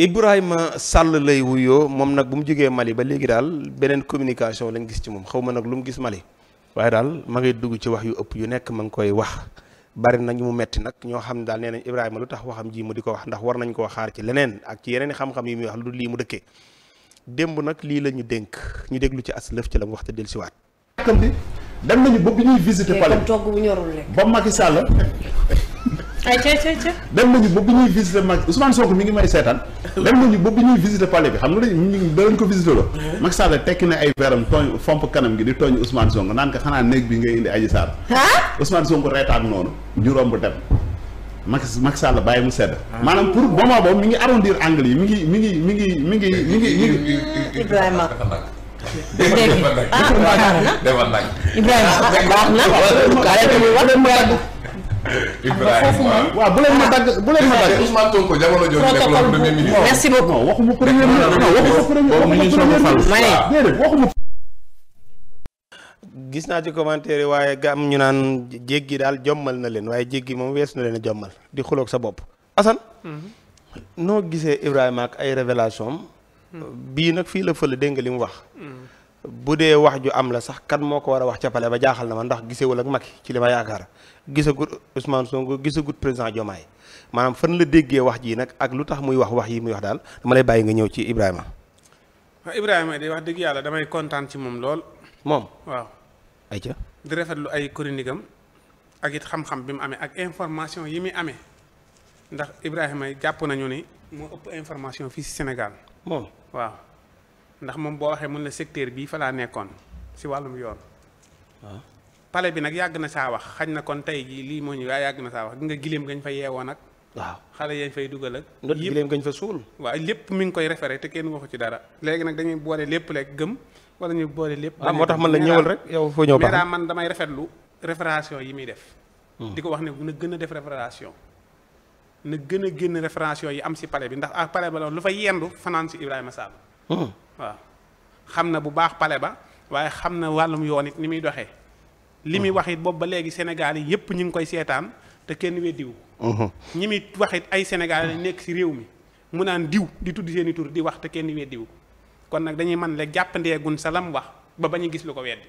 Ibrahima Sall lay wuyoo moom nag bu mu jógee Mali ba léegi daal beneen communication lañ gis ci moom xaw ma nag lu mu gis Mali waaye daal ma ngi dugg ci wax yu ëpp yu nekk ma ngi koy wax bari na mu metti nag ñoo xam ne daal nee nañ Ibrahima lu tax waxam ji mu di ko wax ndax war nañ koo xaar ci leneen ak ci yeneen xam-xam yi muy wax lu lii mu dëkkee démb nag lii la ñu dénk ñu déglu ci as lëf ci la mu wax te dellusiwaat. dem nañu ba bi ñuy visiter. palais ay ca ca ca dem nañu ba bu ñuy visiter Macky Ousmane Sonko mi ngi may seetaan dem nañu ba bu ñuy visiter palais bi xam nga dañ dalañ ko visiter lo Macky Sall tekki ay veram tooñ fomp gi di tooñ Ousmane Sonko naan ko xanaa néeg bi ngay indi Adji Sarr Ousmane Sonko reetaan noonu ñu romb dem Macky Macky Sall bàyyi mu sedd ah. maanaam pour moment boobu mi ngi arrondir angle yi ngi mi ngi mi ngi mi ngi mi ngi mi ngi Ibrahima dégg ah Ibrahima jamono jooju nekkoon gis naa ci commentaire waaye ga am ñu naan jéggi daal jommal na leen waaye jéggi moom wees na leen a jommal di xuloog sa bopp Assane mhm. noo gisee Ibrahima ak ay révélation mhm. bii nag fii la fële dégg nga li wax mhm. bu dee wax ju am la sax kat moo ko war a wax ca pale ba jaaxal na ma ndax gisewul ak Macky ci li ma yaakaar gisagut Ousmane Sonko gisagut président jomaay maanaam fan la déggee wax jii nag ak lu tax muy wax wax yi muy wax daal dama lay bàyyi nga ñëw ci Ibrahima. waaw Ibrahima di wax dëgg yàlla damay kontaan ci moom lool. moom waaw. ca di rafetlu ay chronique am ak it xam-xam bi mu amee ak information yi muy amee ndax Ibrahima jàpp nañu ni moo ëpp information fii si Sénégal. ndax moom boo waxee mun na secteur bii fa laa nekkoon si wàllum yoon. Ah. pale bi nag yàgg na saa wax xañ na kon tey jii lii moo ñu waaye yàgg na saa wax gi nga gileem gañ fa yeewoo nag. waaw xale yañ fay dugal ak. yëpp gileem gañ fa suul. waaw lépp mi ngi koy référé te kenn waxu ci dara. léegi nag dañuy boole lépp rek gëm wala ñu boole lépp. Ah, moo tax man la ñëwal rek yow foo ñëw baax man damay rafetlu référation yi muy def. Hmm. di ko wax ne na gën a def référation. na gën a génn référation yi am si pale bi ndax ah pale ba lu fa yendu fanaan si Ibrahima Sall hmm. waaw xam na bu baax pale ba waaye xam na wàllum yoon it ni muy doxee. li muy mm-hmm. wax it boobu ba léegi Sénégal yi yëpp ñu ngi koy seetaan te kenn weddiwu mm-hmm. ñi muy wax it ay Sénégal lañ nekk si réew mi mu naan diw di tudd seen i tur di wax te kenn weddiwu kon nag dañuy mën leen jàppandeegun sa lam wax ba bañ a gis lu ko weddi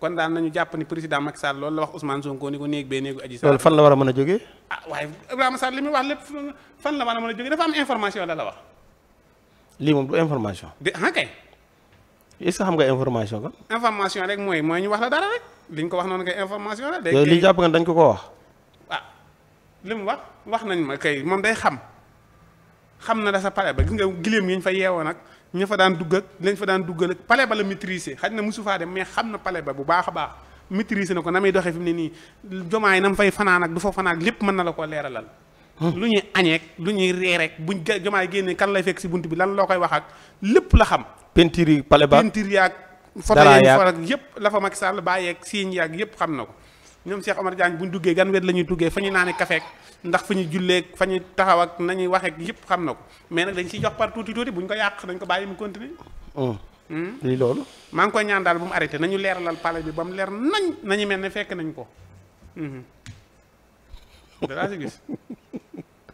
kon daal nañu jàpp ni président Macky Sall loolu la wax Ousmane Sonko ni ko néeg bee néegu aji Sall. fan la war a mën a jógee. ah waaye Ibrahima Sall li muy wax lépp fan la am information la la wax. lii moom du information. de ah, kay. est xam nga information ko information rek mooy mooy ñu wax la dara rek liñ ko wax noonu kay information la. léegi li jàpp nga dañ ko ko wax. ah li mu wax wax nañ ma kay moom day xam xam na da sa pale ba gis nga gileem yi ñu fa yeewoon ak ña fa daan dugg ak lañ fa daan dugg ak pale ba la maîtriser xaj na mosu faa dem mais xam na pale ba bu baax a baax maîtriser na ko na muy doxee fi mu ne nii jomaay na mu fay fanaan ak du fa fanaan lépp mën na la ko leeralal. lu ñuy añeek lu ñuy reereek buñ jomaay génnee kan lay fekk si bunt bi lan loo koy wax ak lépp la xam peinture yi pale ba peinture yaag photo ak yëpp la fa Macky Sall bàyyeeg siiñ yaag yëpp xam na ko ñoom Cheikh Omar Diagne buñ duggee gan wet la ñuy duggee fa ñuy naane kafeek ndax fa ñuy fa ñuy taxaw ak nañuy yëpp xam na ko mais nag dañ ciy jox par tuuti tuuti buñ ko yàq dañ ko bàyyi mu continuer oh. hmm? lii maa ngi koy ñaan daal bu mu arrêté nañu leeralal palais bi ba mu leer nañ nañu mel ne fekk nañ ko hmm. danaa si gis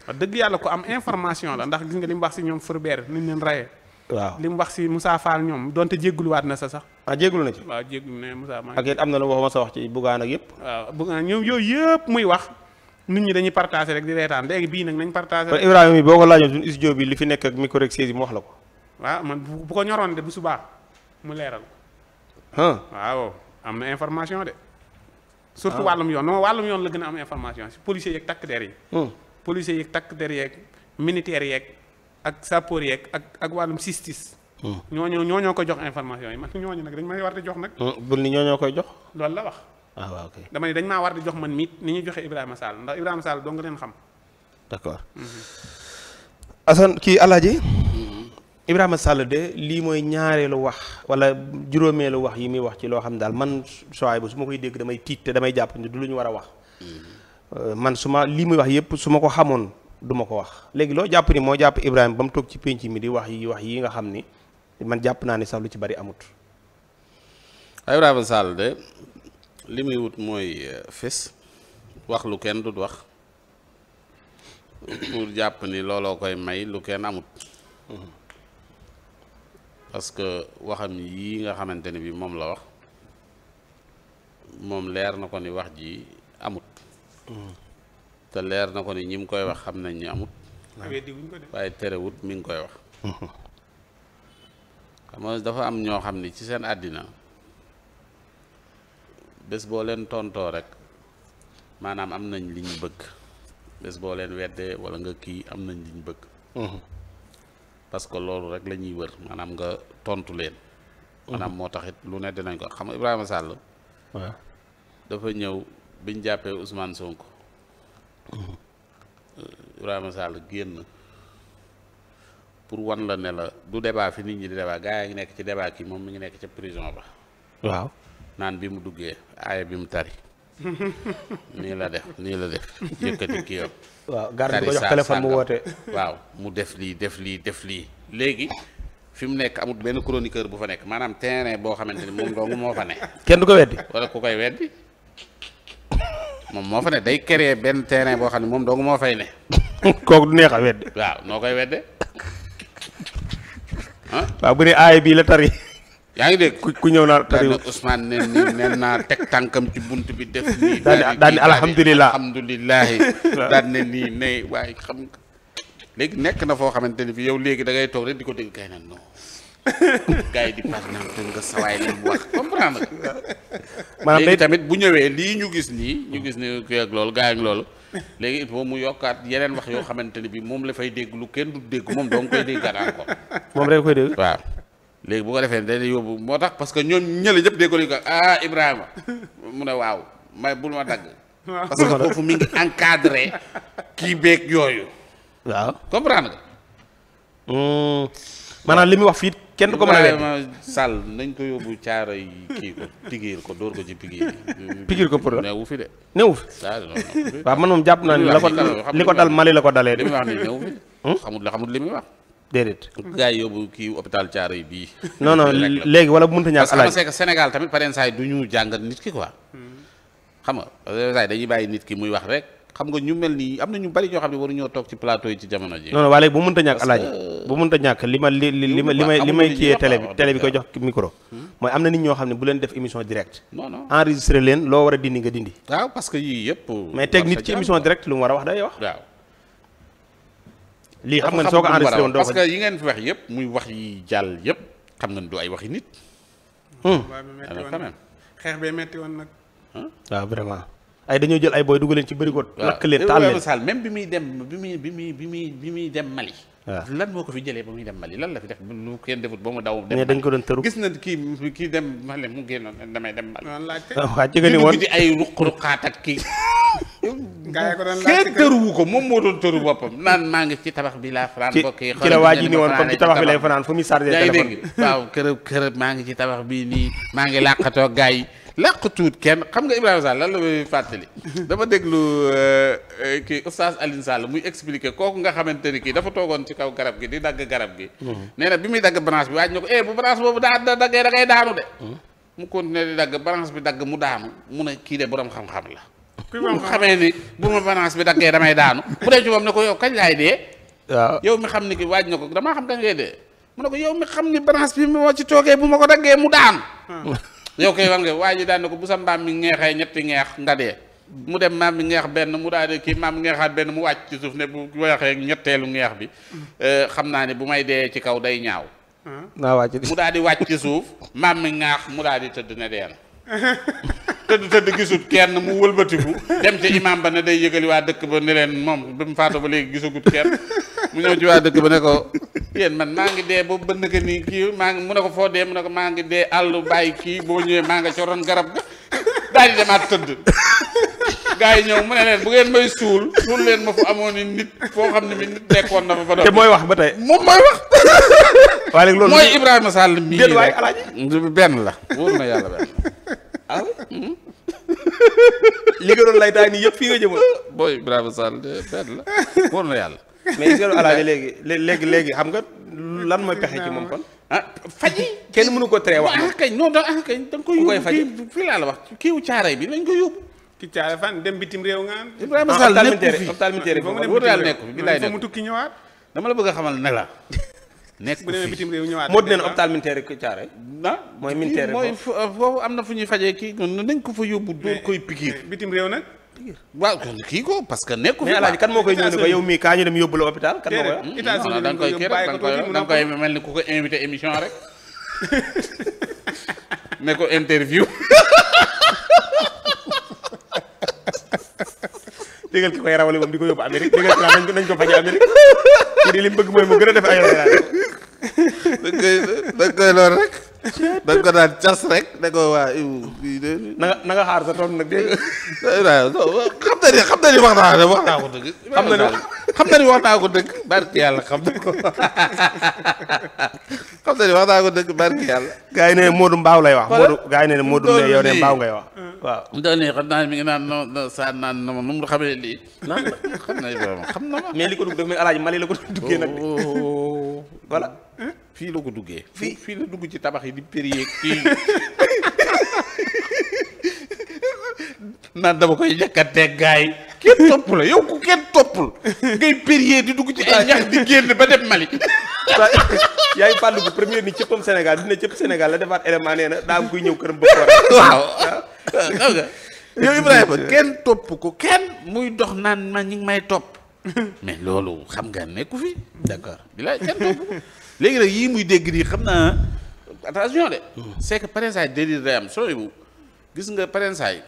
wax dëgg yàlla ku am information la ndax gis nga li wax si ñoom Fulbert ni leen rayee. waaw li mu wax si Moussa Fall ñoom donte jégguluwaat na sa sax. ah jéggulu na ci. waaw jéggulu ne Moussa maa ak it am na lu waxuma sa wax ci Bougane ak yëpp. waaw Bougane ñoom yooyu yëpp muy wax. nit ñi dañuy partagé rek di reetaan léegi bii nag nañ partagé. kon Ibrahima bi boo ko laajoon suñu studio bi li fi nekk ak micro rek mu wax la ko. waaw man bu ko ñoroon de bu subaa mu leeral. waaw am na information de. Ah. surtout wàllum yoon non wàllum la gën a am si policiers yeeg takk der yi. Hmm. policiers yeeg takk der yeeg militaires yeek ak sapeurs yeek ak ak wàllum justice. Hmm. ñooñu ñooñoo ko jox information yi man ñooñu nag dañ may war di jox nag. Hmm, bul ni ñooñoo koy jox. loolu la wax. ah waaw ok dama dañ maa war di jox man miit ni ñu joxe Ibrahima Sall ndax Ibrahima Sall doo nga leen xam. d'accord mhm. Assane kii Alaaji hmm. Ibrahima Sall de lii mooy ñaareelu wax wala juróomeelu wax yi muy wax ci loo xam daal man sooy bu su ma koy dégg damay tiit te damay jàpp ne du lu ñu war a wax. Mhm. Euh, man suma lii muy wax yépp su ma ko xamoon duma ko wax léegi loo jàpp ni moo jàpp Ibrahima ba mu toog ci pénc mi di wax yi wax yi nga xam ni man jàpp naa ni sax lu ci bari amut waaye Ibrahima Sall de li muy wut mooy euh, fés wax lu kenn dut wax pour jàpp ni looloo koy may lu kenn amut parce que waxam yii nga xamante ni bi moom la wax moom leer na ko ni wax ji te leer na ko ni ñi mu koy wax xam nañ ni amut ah. waaye terewut mi ngi koy wax xam nga dafa am ñoo xam ni ci seen àddina bés boo leen tontoo rek maanaam am nañ li ñu bëgg bés boo leen weddee wala nga kii am nañ li ñu bëgg mm-hmm. parce que loolu rek lañuy ñuy wër maanaam nga tontu leen maanaam mm-hmm. moo taxit lu ne nañ ko xam Ibrahima Sàll waaw dafa ñëw biñ jàppee Ousmane Sonko euh, Ibrahima Sall génn pour wan la ne la du débat fi nit ñi di débat gaa yi ngi nekk ci debaa kii moom mi ngi nekk ca prison ba. waaw naan bi mu duggee aaya bi mu tari. nii la def nii la def yëkkati kii am. waaw garde ko jox téléphone mu woote. waaw mu def lii def lii def lii léegi. fi mu nekk amut benn chroniqueur bu fa nekk maanaam terrain boo xamante ni moom dong moo fa ne. kenn du ko weddi. wala ku koy weddi. moom moo fa ne day créer benn terrain boo xam ne moom dong moo fay ne. kooku du neex a wedde. waaw noo koy wedde. ah waaw bu dee aay bii la tari. yaa ngi dégg ku ñëw naa tari Ousmane nee na nee naa teg tànkam ci bunt bi def. nii daal di daal di alhamdulilah alhamdulilah ne nii ne waaye xam nga léegi nekk na foo xamante ni bi yow léegi da ngay toog rek di ko dégg kay na non. gars yi di par exemple nga sawaay li mu wax comprendre nga. léegi tamit bu ñëwee lii ñu gis nii ñu gis ni kii ak loolu gars ak loolu léegi it faut mu yokkaat yeneen wax yoo xamante ni bi moom la fay dégg lu kenn du dégg moom doo nga koy moom rek koy dégg. waaw léegi bu defee dañuy yóbbu moo tax parce que ñoom ñële ñëpp déggoo ko ah Ibrahima mu ne waaw may bul ma dagg. parce que foofu mi ngi encadré kii beeg yooyu. waaw comprendre nga. Hmm. maanaam li muy wax fii kenn du ko mën a wet sàll nañ ko yóbbu caaro yi kii ko pigiir ko dóor ko ci pigiir pigiir ko newu fi de newu fi ah, waaw man moom jàpp naa ni ko li ko dal Mali la ko dalee li muy wax ni newu fi hmm? xamul la xamul li muy wax déedéet gars yi yóbbu kii hôpital caaro yi bii non léegi wala bu mënta ñàkk alaaj parce tamit pareen saa yi du jàngat nit ki quoi hmm. xam nga saa yi dañuy bàyyi nit ki muy wax rek xam nga ñu mel ni am na ñu bari ñoo xam ne waru ñoo toog ci plateau yi ci jamono ji. non non waaye léegi bu mënta ñàkk alaaji bu mënta ñàkk li ma li li ma li may li may kiyee bi télé bi koy jox micro hmm. mooy am na nit ñoo xam ne bu leen def émission direct non non leen loo war a dindi nga dindi waaw parce que yii yëpp mais teg nit ci émission direct lu mu war a wax day wax lii xam nga ne soo ko enregistré woon doo parce que yi ngeen fi yëpp muy wax yi jàll xam nga du ay waxi nit hmm. waaw xeex bee metti woon nag waaw ah, vraiment ay dañoo jël ay booy dugal leen ci bërigo. lakk leen taal leen Sall même bi muy dem bi muy bi bi muy bi muy dem Mali. lan moo ko fi jëlee ba muy dem Mali lan la fi def lu kenn defut ba mu daw. dem dañ ko doon tëru gis na kii kii dem Mali mu génnoon damay dem Mali. waaw ci nga ni woon ci ay ruq-ruqaat ak kii. gaa yi kenn tëruwu moo doon boppam naan maa ngi ci tabax bi laa fanaan bokk yi ci la waa ji ni woon comme tabax bi lay fanaan fu muy chargé téléphone. waaw kërëb kërëb maa ngi ci tabax bi nii maa ngi làqatoo gaa yi làqtuut kenn xam nga Ibrahima Sall lan la may fàttali. dama déglu euh, euh, kii oustaz Alioune Sall muy expliquer kooku nga xamante ni kii dafa toogoon ci kaw garab gi di dagg garab gi. Mhm. nee na bi muy dagg branche bi waaj na ko eh bu branche boobu daa da daggee da ngay daanu mhm. mu continuer dagg branche bi dagg mu daanu mu ne kii de borom xam-xam la. ku xamee ni bu ma branche bi daggee damay daanu bu dee ci moom ne ko yow kañ laay dee. waaw yow mi xam ni ki waaj na ko damaa xam kañ ngay mu ne ko yow mi xam ni branche bi moo ci toogee bu ma ko daggee mu daanu. Ah. yow koy wax nga waa ji daan na ko bu sa mbaam mi ngeexee ñetti ngeex nga dee mu dem maam mi ngeex benn mu daal di kii maam mi ngeexaat benn mu wàcc ci suuf ne bu waxee ñetteelu ngeex bi euh, xam naa ne bu may dee ci kaw day ñaaw mu daal di wàcc ci suuf maam mi ngaax mu daal di tëdd na dee na tëdd tëdd gisut kenn mu wëlbatiku dem ci imam ba ne day yëgali waa dëkk ba ne leen moom bi mu faatu ba léegi gisagut kenn mu ñëw ci waa dëkk ba ne ko yéen man maa ngi dee boobu bënn ka nii maa mu ne ko foo dee mu ko maa ngi dee àll bàyyi kii boo ñëwee maa nga coroon garab ga daal di demaat tëdd gaa yi ñëw mu ne leen bu ngeen may suul suul leen ma fu amoon ni nit foo xam ne mi nit nekkoon na fa ba te mooy wax ba tey moom mooy wax waaye léegi loolu mooy Ibrahima Sall mii benn la wóor na yàlla benn ah oui. Hmm? li nga doon laytaay nii yëpp fii nga jëmal. booy Ibrahima Sall perte la wóor na yàlla. mais gis nga alaaji léegi léegi léegi xam nga lan mooy pexe ci moom kon. ah faji kenn mënu ko tere wax. ah kañ non da ah kañ da nga koy yóbbu fii fii laa la wax kii wu caaray bi nañ ko yóbbu. ki caaray fan dem bitim réew nga am. Ibrahima Sall nekkul fi hôpital militaire hôpital militaire bi. wóor na yàlla nekkul bi laay nekkul dama la bëgg a xamal ne nekk bu demee bitim réew ñëwaat moo di neen hôpital militaire ko caare ah mooy militaire mooy foofu am na fu ñuy fajee kii nañ ko fa yóbbu dóor koy pikiir bitim réew nag waaw kii ko parce que nekku fi mais alaaji kan moo koy ñëw ne ko yow mii kaa ñu dem yóbbu la hôpital kan moo koy da nga koy kii rek da nga koy mel ni ku ko invité émission rek ne ko interview déggal ki koy rawale moom di ko yóbbu Amérique déggal ki nañ ko faje Amérique kii di li mu bëgg mooy mu gën a def ay da koy da koy lool rek. da ko daan cas rek da ko waa na nga na xaar sa tool nag dégg xam na ni xam na ni wax naa wax naa ko dëgg. xam na ni xam na ni wax naa ko dëgg barki yàlla xam na ko xam na ni wax naa ko dëgg barki yàlla. gars yi ne Modou Mbaaw lay wax. Modou gars yi ne Modou ne yow de Mbaaw ngay wax. waaw doon xam naa mi ngi naan non saa naan xamee lii. naan ma. mais li ko dugg daf may alaaji Mali la ko duggee oh. nag. voilà. fii la ko duggee. fii fii la dugg ci tabax yi di périllé kii naan dama koy ñàkkanteeg gars yi kenn topp la yow ku kenn toppul ngay périllé di dugg ci ay ñax di génn ba dem Mali. yaay fàllu bu premier ni cëppam Sénégal dina cëpp Sénégal la defaat élément nee daa am kuy ñëw këram ba waaw xam kenn topp ko kenn muy dox naan ma ñi ngi may nekku fi d'accord bilaay kenn topp ko léegi nag yii muy dégg nii xam naa attention de. Hmm. c'est que parrainage déedéet day am sooy bu gis nga parrainage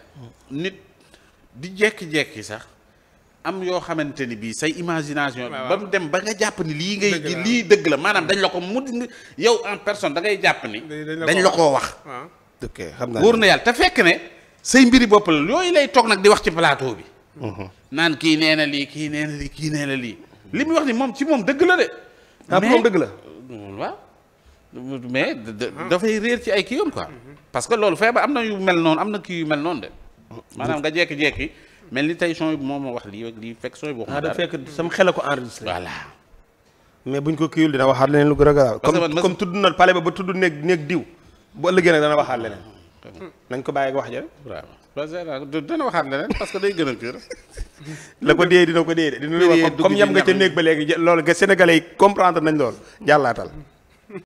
hmm. nit di jékki-jékki sax am yoo xamante ni bii say imagination. ba dem ba nga jàpp ni lii ngay. lii dëgg la maanaam dañ la ko mu yow en personne da ngay jàpp ni. dañ la ko wax. ok xam naa wóor na yàlla te fekk ne say mbiri bopp la yooyu lay toog nag di wax ci plateau bi. Mhm. naan kii nee na lii kii nee kii nee na lii. li muy wax ni moom ci moom dëgg la de. Ah, mais moom dëgg la. waaw mais ah. dafay réer ci ay kii yoon quoi mm-hmm. parce que loolu feebar am na yu mel noonu am na kii yu mel noonu de maanaam nga jekki-jekki mel ni tey son moom moo wax lii ak lii fekk son bi waxu da fekk sama xel a ko enregistré voilà mais buñ ko kiiwul dina waxaat leneen lu gën a garaaw comme tudd na pale ba ba tudd néeg néeg diw bu ëllëgee nag dana waxaat leneen ah, nañ ko bàyyi ak wax ja du dana waxaat leneen parce que day gënal kër. la ko dee dina ko dee dina comme yam nga ca néeg ba léegi loolu nga sénégalais yi comprendre nañ loolu jàllaatal